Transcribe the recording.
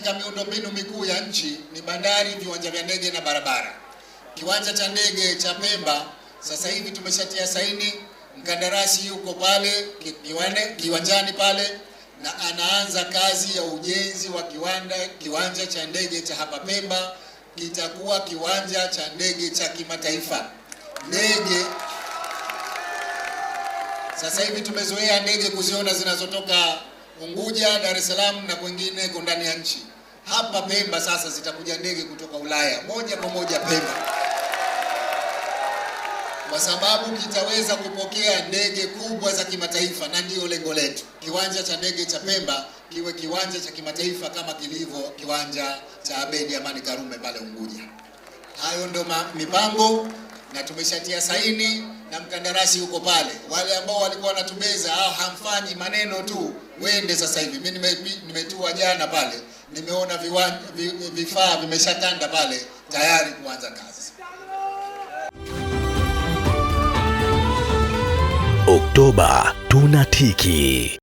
katika miundombinu mikuu ya nchi ni bandari, viwanja vya ndege na barabara. Kiwanja cha ndege cha Pemba sasa hivi tumeshatia saini, mkandarasi yuko pale kiwane, kiwanjani pale na anaanza kazi ya ujenzi wa kiwanda kiwanja cha ndege cha hapa Pemba. Kitakuwa kiwanja cha ndege cha kimataifa. Ndege sasa hivi tumezoea ndege kuziona zinazotoka Unguja, Dar es Salaam na kwengine kwa ndani ya nchi hapa Pemba sasa zitakuja ndege kutoka Ulaya moja kwa moja Pemba, kwa sababu kitaweza kupokea ndege kubwa za kimataifa, na ndiyo lengo letu. Kiwanja cha ndege cha Pemba kiwe kiwanja cha kimataifa kama kilivyo kiwanja cha Abedi Amani Karume pale Unguja. Hayo ndio mipango na tumeshatia saini na mkandarasi huko pale. Wale ambao walikuwa wanatubeza, au hamfanyi maneno tu, wende sasa hivi. Mimi nimetua jana pale nimeona vifaa vimeshatanda pale tayari kuanza kazi. Oktoba tunatiki.